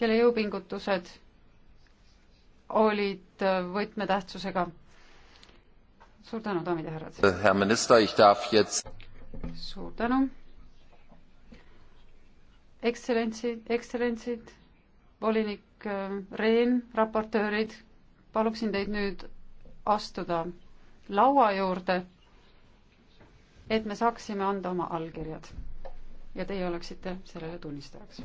kelle jõupingutused olid võtmetähtsusega. suur tänu, daamid ja härrad. härra minister, ich darf jetzt. suur tänu. ekstsellentsid, ekstsellentsid, volinik äh, Rehn, raportöörid, paluksin teid nüüd astuda laua juurde, et me saaksime anda oma allkirjad ja teie oleksite sellele tunnistajaks.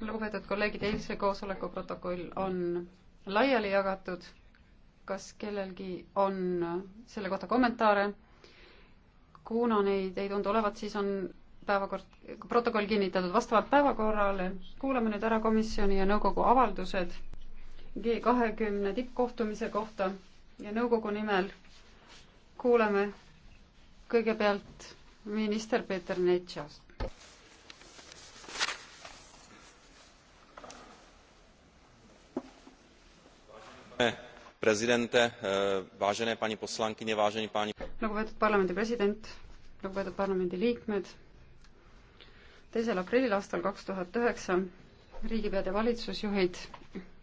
lugupeetud kolleegid, eilse koosoleku protokoll on laiali jagatud. kas kellelgi on selle kohta kommentaare? kuna neid ei tundu olevat, siis on päevakord, protokoll kinnitatud vastavalt päevakorrale. kuulame nüüd ära komisjoni ja nõukogu avaldused G kahekümne tippkohtumise kohta ja nõukogu nimel kuulame kõigepealt minister Peeter Netšas. prezidente, eh, vážené pani poslankyne, vážení pani. lugupeetud parlamendi president, lugupeetud parlamendi liikmed. teisel aprillil aastal kaks tuhat üheksa riigipead ja valitsusjuhid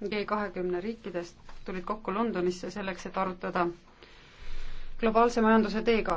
G kahekümne riikidest tulid kokku Londonisse selleks, et arutada globaalse majanduse teekaarti.